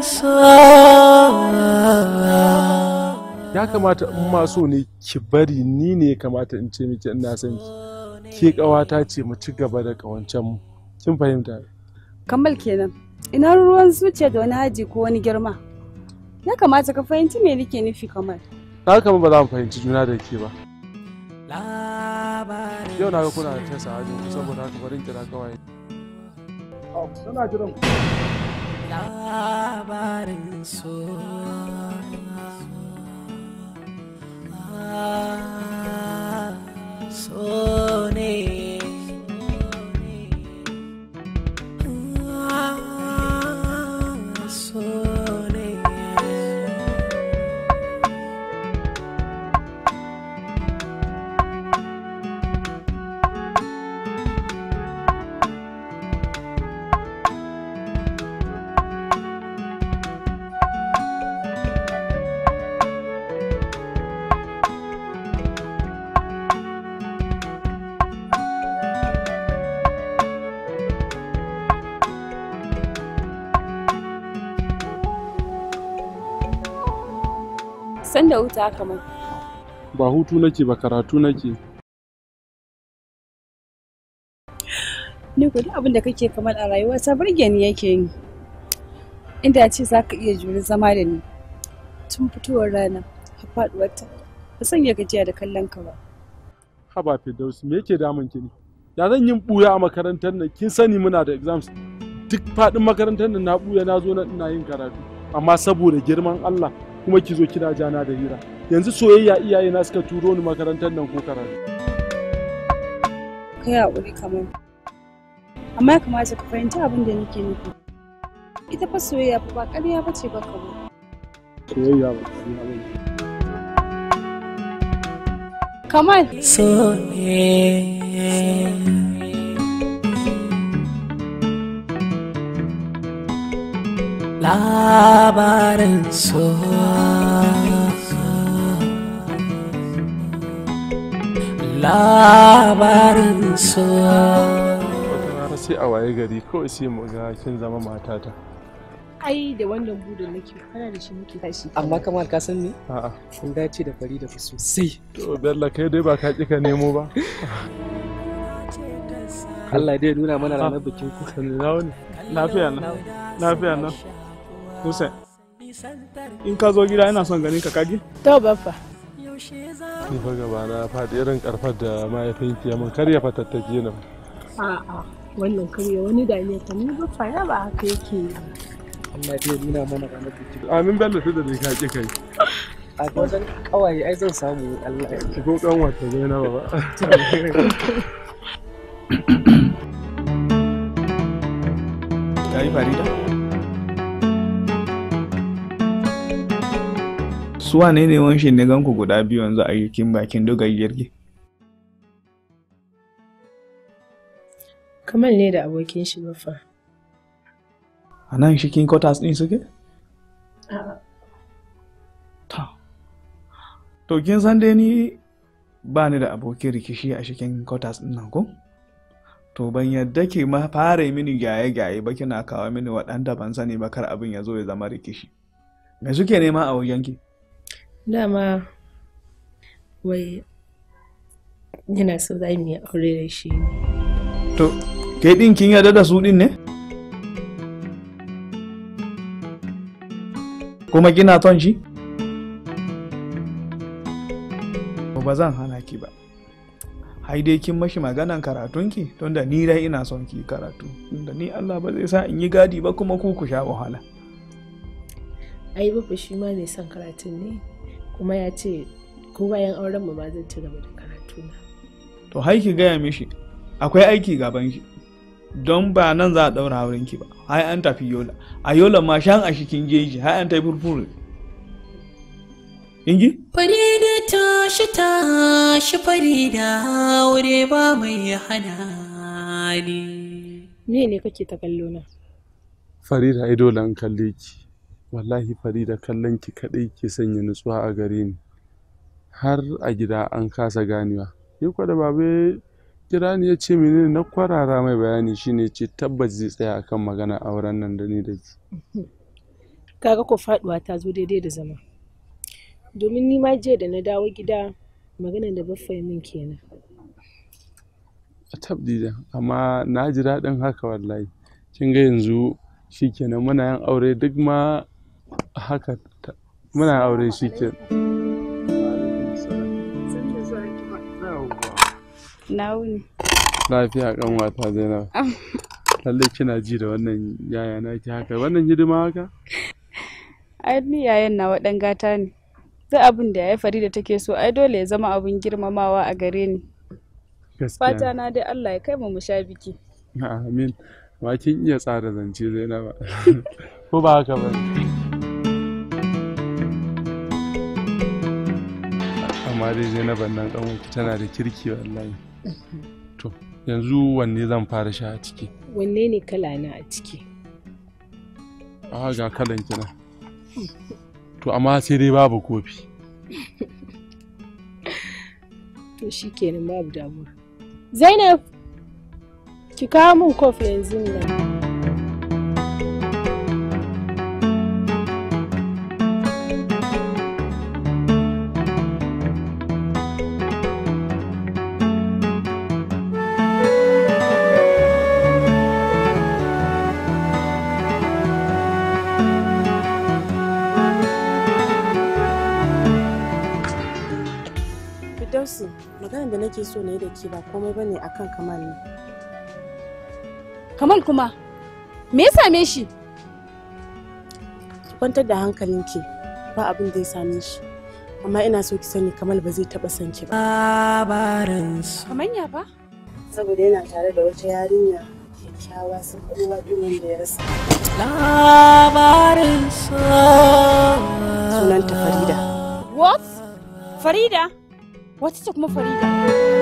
sa ya kamata in ma so ne ki bari ni ne ya kamata in ce miki ina son ki ke kawata ce mu ci gaba da kawancen kin fahimta kammal kenan ina ruwan zuciya da wani haji ko wani girma ya kamata ka fahimci me nake nufi kamar ta kama ba za mu fahimci juna da ke ba yau na ga kuna da tesa hajji saboda haka bari kira kawai suna jiran labarin so ah, so ne da wuta kamar. Ba hutu nake ba karatu nake. Ni gudu abin da kake kamar a rayuwa ta burge ni yake ni. Inda ce za ka iya juri zama da ni. Tun fitowar rana, har faɗuwarta, ba sanya gajiya da kallon ka ba. Haba Firdausi, me yake damun ki ne? Da zan yin ɓuya a makarantar nan, kin sani muna da exams. Duk faɗin makarantar nan na ɓuya na zo na ina yin karatu. Amma saboda girman Allah, kuma ki zo kina jana da hira yanzu soyayya iyaye na suka turo ni makarantar nan ko karatu kai hakuri kamar amma ya kamata ka fahimci abin da nake nufi ita fa soyayya ba ƙarya ba ce ba kamar soyayya ba ƙarya ba ce kamar soyayya labarin so labarin so sai a waye gari kawai sai mu ga kin zama matata ai da wannan budin nake kana da shi muke tashi amma kamar ka san ne a'a kun dace da fari da sai to bella kai dai ba ka kika nemo ba Allah dai nuna mana ranar bikin ku lafiya na lafiya na lafiya na Hussein, in ka zo gida ina son ganin ka kage? To baffa. Ni fa gaba na faɗi irin karfar da mahaifinki ya mun karya fatattake ne. A'a, wannan karya wani da ne ta ni baffa ya ba haka yake yi. Allah zai nuna mana ranar biki. Amin Bello da ni ka ki kai. A wajen kawai ai zan samu Allah ya ki ko kan wata na ba. Yayi Farida. su wane ne wanshi na ganku guda biyu yanzu a yakin bakin dogayyar ki kamar ne da abokin shi bafa a nan shi kin quarters din suke to kin san dai ni ba ni da abokin rikishi a shikin kotas din nan ko to ban yadda ke ma fara mini gyaye-gyaye ba kina kawo mini waɗanda ban sani ba kar abin ya zo ya zama rikishi me suke nema a wajen ki dama wai yana so za mu yi aure da shi ne to kai din kin yarda da su din ne kuma kina ton shi ba zan hana ki ba hai dai kin mashi maganan karatunki don da ni dai ina son ki karatu da ni Allah ba zai sa in yi gadi ba kuma ku ku sha wahala ai ba shi ma ne son karatun ne kuma ya ce ko bayan auren mu ba zan ci gaba da karatu na to hai ki gaya mishi akwai aiki gaban ki don ba nan za a daura auren ki ba hai an tafi yola a yola ma shan a shikin geji hai an tafi furfuru Ingi? Farida shi fari farida wuri ba mai hana ni. Me ne kake ta kallo na? Farida idolan kalle ki. wallahi farida kallon ki kaɗai ke sanya nutsuwa a gare ni har a gida an kasa ganewa ni kwa da babu kira ni ya ce mene na kwarara mai bayani shine ce tabbas zai tsaya akan magana auren nan da ni da ki kaga ko faduwa ta zo daidai da zama domin ni ma jiya da na dawo gida maganar da baffa min kenan tabdida amma na ji daɗin haka wallahi kin ga yanzu shikenan muna yin aure duk ma haka muna aure shi ke na lafiya kan wata zainab lallai kina ji da wannan yaya na ki haka wannan hidima haka ai ni yayan na wadan gata ne duk abin da yayi farida take so ai dole ya zama abin girmamawa a gare ni fata na dai Allah ya kai mu mu sha biki amin ma kin iya tsara zance zainab ko ba haka ba ne. amma dai zainaban nan kanwarki tana da kirki wallahi to yanzu wanne zan fara sha a ciki wanne ne kala na a ciki a ga kalan kina to amma sai dai babu kofi to shi kenan babu damuwa zainab ki kawo min kofi yanzu nan nake so ne da ke ba komai ba ne akan kamal ne kamal kuma me ya same shi ki kwantar da hankalinki ba abin da ya same shi amma ina so ki sani kamal ba zai taba son ki ba kamar ya ba saboda yana tare da wata yarinya kyakkyawa sun kuma dumin da ya rasa labarin sunanta farida what farida wacce ce kuma farida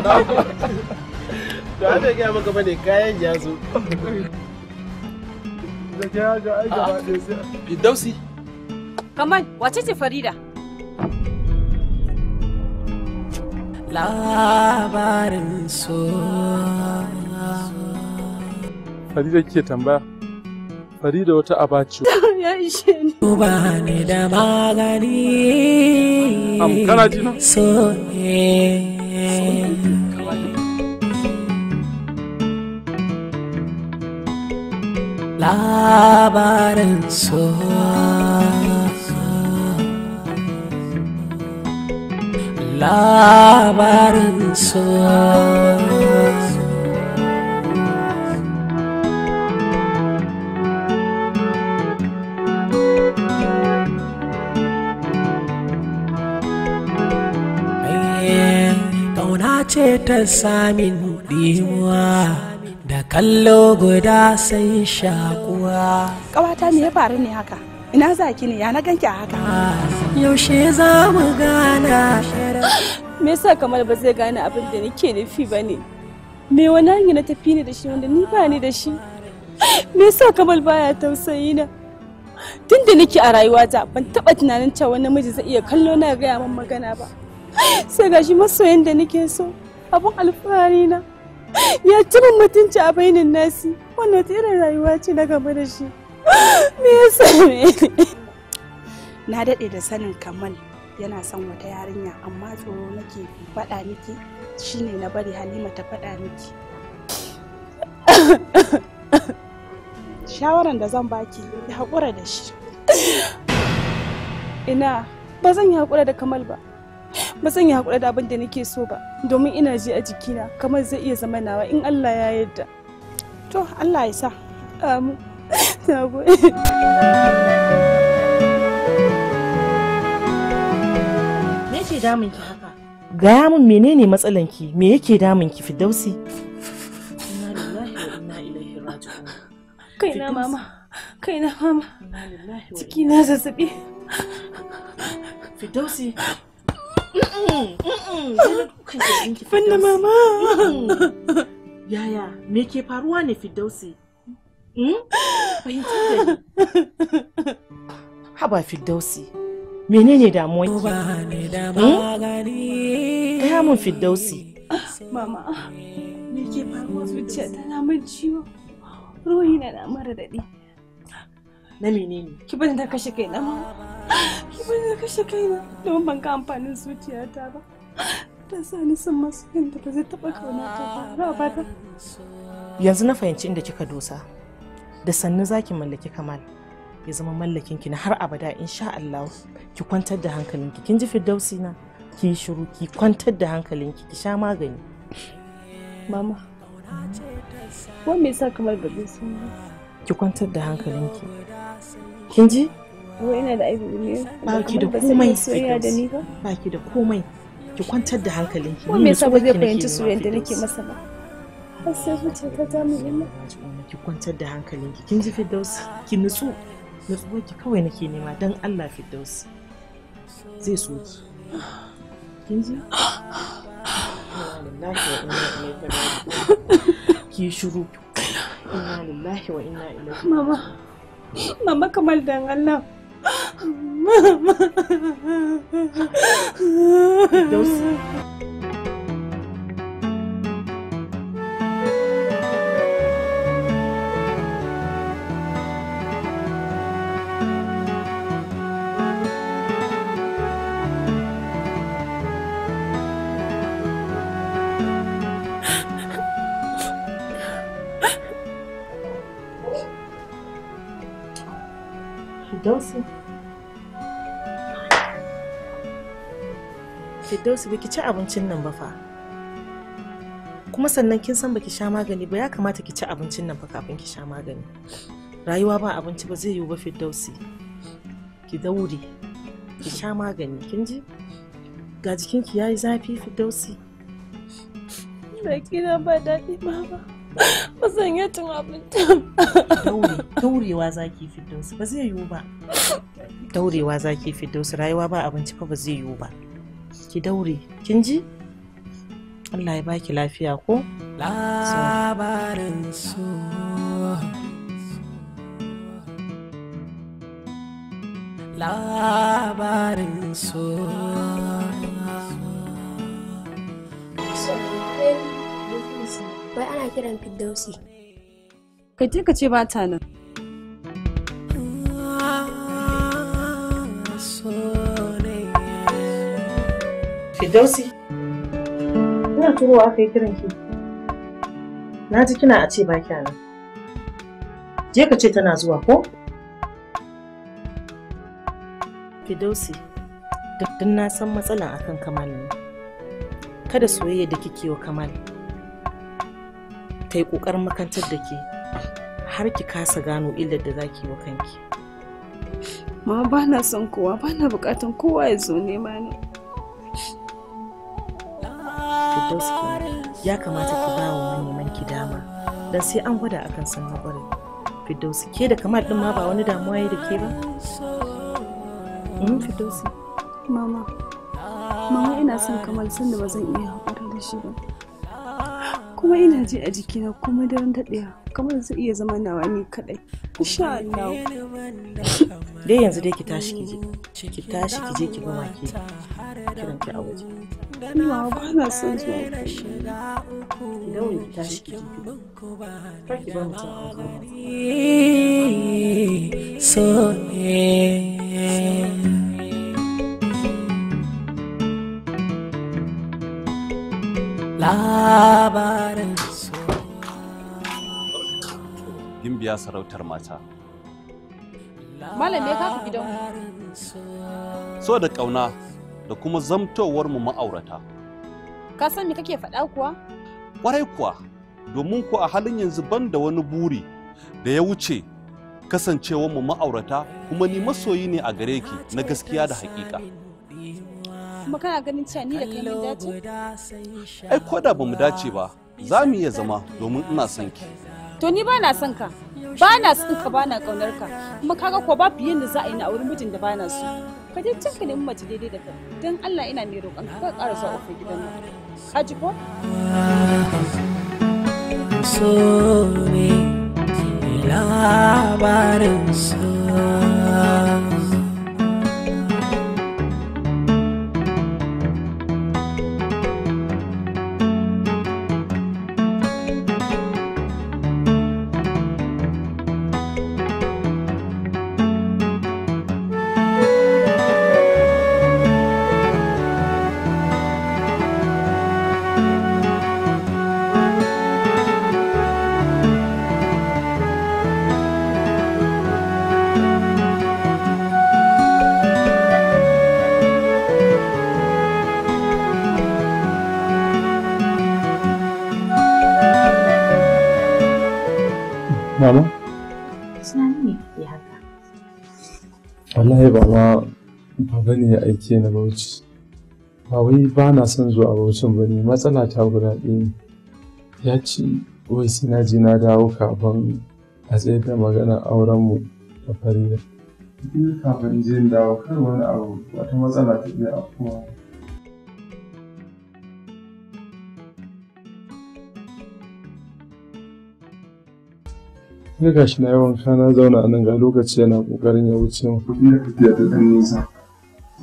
da bai gaya maka bane kayan ya zo da ga ga ai gaba ɗaya sai Fidausi Kamal wace ce Farida labarin so Farida kike tambaya Farida wata abaci ya ishe ni ba ni da magani am kana ji so eh labarin so labarin so ce ta samin ɗimuwa kallo guda sai shakuwa ƙawata me ya faru ne haka ina za ki ne ya na ganki a haka yaushe za mu gana me yasa kamar ba zai gane abin da nake nufi ba ne me wani hanyar na tafi ne da shi wanda ni ba ni da shi me yasa kamal baya tausayi na tun da nake a rayuwata ban taɓa tunanin cewa namiji zai iya kallo na gaya min magana ba sai gashi masoyin da nake so abin alfahari na ya ci min mutunci a bainin nasi wannan wata rayuwa ce na gaba da shi me yasa ne na daɗe da sanin kamal yana son wata yarinya amma tsoro nake faɗa miki shine na bari halima ta faɗa miki shawaran da zan baki ya haƙura da shi ina ba zan yi haƙura da kamal ba ba zan yi haƙura da abin da nake so ba domin ina ji a jikina kamar zai iya zama nawa in Allah ya yarda to Allah ya sa na me yake damun ki haka gaya min menene matsalan ki me yake damun ki Firdausi kaina mama kaina mama ciki na zazzabi Firdausi Fanda mama. Yaya, me ke faruwa ne Firdausi? Hmm? Haba Firdausi, menene damuwa ki? Hmm? mun Firdausi. Mama, me ke faruwa zuciya tana ciwo. Ruhi na mara daɗi. Na menene? kashe kai na mama. Ki bari na kashe kaina domin ban ga amfanin zuciyata ba. Ta sa ni son masu da ba zai taɓa kauna ta ba abada. Yanzu na fahimci inda kika dosa. Da sannu zaki mallaki Kamal. Ya zama mallakin ki na har abada insha Allah. Ki kwantar da hankalinki. Kin ji firdausi na? Ki shiru ki kwantar da hankalinki ki sha magani. Mama. Wa me yasa kamar ba zai Ki kwantar da hankalinki. Kin ji? wai ina da aibi ne ba ki da komai soyayya da ni ba ba ki da komai ki kwantar da hankalinki ni ne saboda zai fahimci soyayya da nake masa ba har sai zuciya ta ta mu ina ki kwantar da hankalinki kin ji Firdausi ki nutsu nutsuwar ki kawai nake nema dan Allah Firdausi zai so ki kin ji ki shiru inna lillahi wa inna ilaihi mama mama kamar dan Allah Don't see. Firdausu baki ci abincin nan ba fa. Kuma sannan kin san baki sha magani ba ya kamata ki ci abincin nan fa kafin ki sha magani. Rayuwa ba abinci ba zai yiwu ba Firdausi. Ki daure, ki sha magani, kin ji? Ga jikinki yayi zafi Firdausi. Baki na ba daɗi ba Ba zan yi cin abincin. Daurewa zaki Firdausi ba zai yiwu ba. Daurewa zaki Firdausi rayuwa ba abinci fa ba zai yiwu ba. ki daure kin ji Allah ya baki lafiya ko labarin su labarin su wai ana kiran fiddausi kai ka ce ba ta nan Firdausi. Ina turowa kai kiran ki. Na ji kina a ce ba ki nan. Je ka ce tana zuwa ko? Firdausi, duk na san matsalan akan Kamal ne. Kada soyayya da kike wa Kamal ta yi ƙoƙarin makantar da ke har ki kasa gano illar da za ki wa kanki. Ma ba na son kowa, ba na bukatan kowa ya zo nema ni. firdausi ya kamata ki ba wa manyan ki dama da sai an gwada akan san na kwarai ke da kamar din ma ba wani damuwa ya da ke ba hmm, mama mama ina son kamal sanda ba zan iya haƙura da shi ba kuma ina ji a jikina kuma daren daɗewa kamar zai iya zama nawa ni kaɗai insha Allah dai yanzu dai ki tashi ki je ki tashi ki je ki gama ki kiran ki a waje ni ma ba na son zuwa idan wani ki ki ba so labarin Gimbiya sarautar mata. Malam me ka gidan? So da ƙauna da kuma zamtowar mu ma'aurata. Ka san me kake faɗa kuwa? Ƙwarai kuwa, domin ku a halin yanzu ban da wani buri da ya wuce kasancewar mu ma'aurata kuma ni masoyi ne a gare ki na gaskiya da haƙiƙa. kuma kana ganin cewa ni da kai mun dace? Ai ko da bamu dace ba, za mu iya zama domin ina son ki. To ni ba na son ka, ba na son ka ba na kaunar ka, kuma kaga ko ba fiye da za a yi na auri mijin da ba na so. ka je can ka nemi mace daidai da kai don Allah ina ne roƙon ka ƙara zuwa ofin gidan nan aji ko so ne labarin so Mama? Tunani ne ya haka. Wallahi ba ma baba ne ya aike na Bauchi. Ba wai ba na son zuwa Bauchin ba ne matsala ta guda ɗaya ne. Ya ce wai sai na na dawo kafin a tsaye da maganar mu da Farida. Duk kafin je dawo kar wani abu wata matsala ta iya afkuwa. Sai ga shi na yi wanka na zauna a nan ga lokaci yana kokarin ya wuce mu. Kuɗi na tafiya ta ɗan nisa.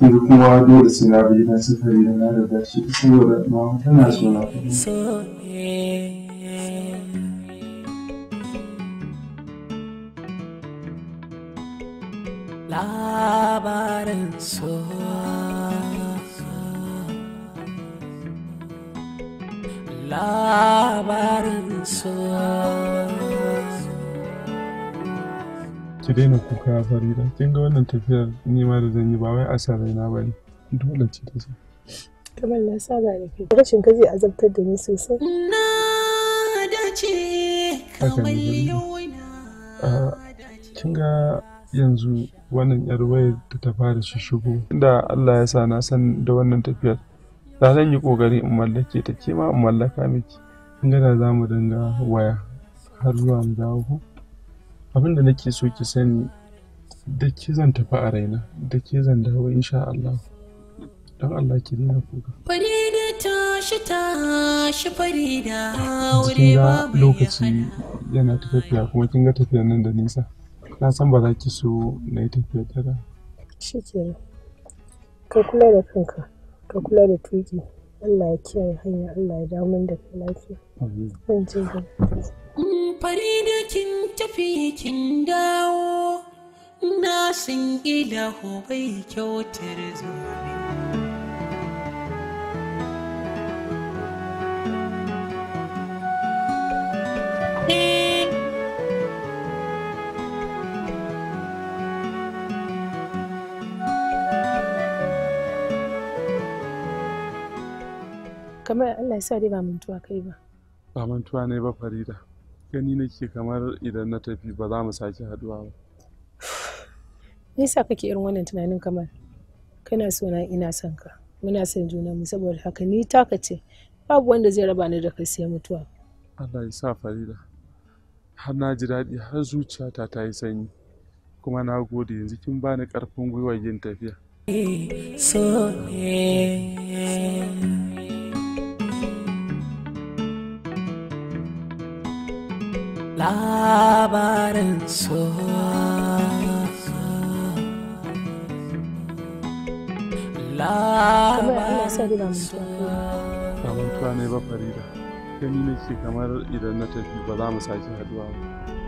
Sai kuma dole sai na bi na sufuri na da shi saboda ma tana so na Labarin soya. labarin soya. ki daina kuka fari kin ga wannan tafiyar ma da zan yi ba wai asarai na bane dole ce ta sa kamar na saba da kai rashin ka zai azabtar da ni sosai na ce kamar yau na ah, kin ga yanzu wannan yar wayar da ta fara shishigo inda Allah ya sa na san da wannan tafiyar da zan yi kokari in mallake ta ke ma in mallaka miki kin ga da za mu dinga waya har zuwa mu dawo abin da nake so ki sani da ke zan tafi a raina da ke zan dawo insha Allah don Allah ki na kuka farida tashi tashi farida wuri babu lokaci yana tafiya kuma kin ga tafiyar nan da nisa na san ba za ki so na yi tafiya tara shi ke ka kula da kanka ka kula da tuki Allah ya kiyaye hanya Allah ya dawo da kai lafiya zan farida kin tafi kin dawo na san ilahu bai kyautar zuwa kamar Allah ya sa dai ba mantuwa kai ba ba mantuwa ne ba farida gani nake kamar idan na tafi ba za mu sake haduwa ba me yasa kake irin wannan tunanin kamar kana so na ina son ka muna son juna mu saboda haka ni taka ce babu wanda zai raba ni da kai sai mutuwa Allah ya sa Farida har na ji daɗi har zuciyata ta yi sanyi kuma na gode yanzu kin bani karfin gwiwa yin tafiya eh, so eh, eh. labarin so labarin so ne ba farida gani nake kamar idan na tafi ba za mu sake haduwa ba